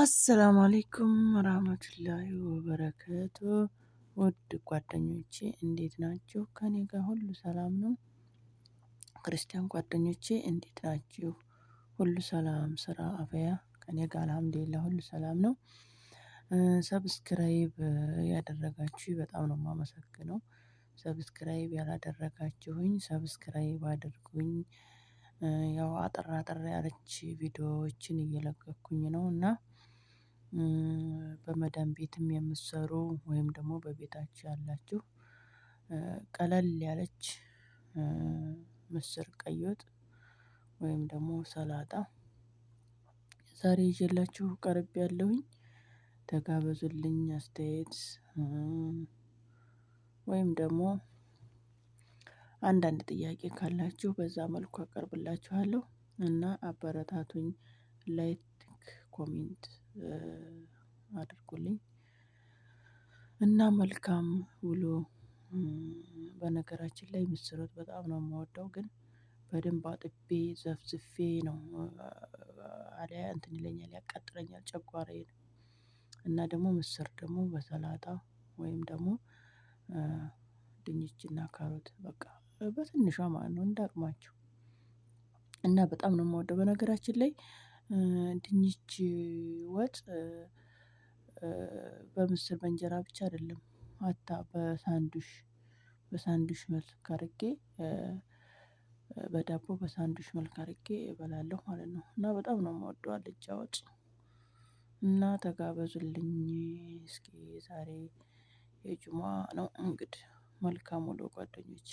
አሰላሙ አሌይኩም ወራህመቱላሂ ወበረከቱ። ውድ ጓደኞቼ እንዴት ናችሁ? ከኔ ጋር ሁሉ ሰላም ነው። ክርስቲያን ጓደኞቼ እንዴት ናችሁ? ሁሉ ሰላም፣ ስራ አበያ። ከኔ ጋር አልሐምዱሊላ ሁሉ ሰላም ነው። ሰብስክራይብ ያደረጋችሁ በጣም ነው የማመሰግነው። ሰብስክራይብ ያላደረጋችሁኝ ሰብስክራይብ አድርጉኝ። ያው አጠር አጠር ያለች ቪዲዮዎችን እየለቀኩኝ ነው። እና በመዳን ቤትም የምትሰሩ ወይም ደግሞ በቤታችሁ ያላችሁ ቀለል ያለች ምስር ቀይ ወጥ ወይም ደግሞ ሰላጣ ዛሬ ይዤላችሁ ያለሁኝ ተጋበዙልኝ አስተያየት ወይም ደግሞ አንዳንድ ጥያቄ ካላችሁ በዛ መልኩ አቀርብላችኋለሁ እና አበረታቱኝ ላይክ ኮሜንት አድርጉልኝ። እና መልካም ውሎ። በነገራችን ላይ ምስር ወጥ በጣም ነው የምወደው ግን በደንብ አጥቤ ዘፍዝፌ ነው። አሊያ እንትን ይለኛል ያቃጥለኛል ጨጓራዬን። እና ደግሞ ምስር ደግሞ በሰላጣ ወይም ደግሞ ድንችና ካሮት በቃ በትንሿ ማለት ነው እንደ አቅማችሁ እና በጣም ነው የምወደው። በነገራችን ላይ ድንች ወጥ በምስር በእንጀራ ብቻ አይደለም አታ በሳንዱሽ በሳንዱሽ መልክ አርጌ በዳቦ በሳንዱሽ መልክ አርጌ እበላለሁ ማለት ነው። እና በጣም ነው የምወደው አልጫ ወጥ። እና ተጋበዙልኝ እስኪ ዛሬ የጁማ ነው እንግዲህ መልካም ውሎ ጓደኞቼ